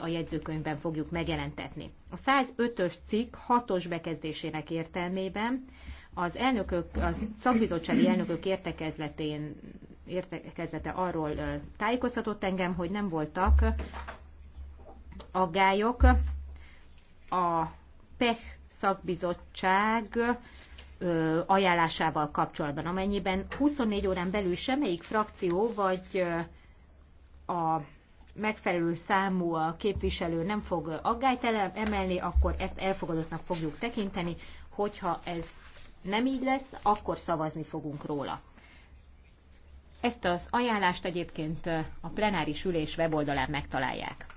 a jegyzőkönyvben fogjuk megjelentetni. A 105-ös cikk 6-os bekezdésének értelmében az elnökök, az szakbizottsági elnökök értekezletén, értekezlete arról tájékoztatott engem, hogy nem voltak aggályok. A PEH szakbizottság ajánlásával kapcsolatban, amennyiben 24 órán belül semmelyik frakció vagy a megfelelő számú a képviselő nem fog aggályt emelni, akkor ezt elfogadottnak fogjuk tekinteni, hogyha ez nem így lesz, akkor szavazni fogunk róla. Ezt az ajánlást egyébként a plenáris ülés weboldalán megtalálják.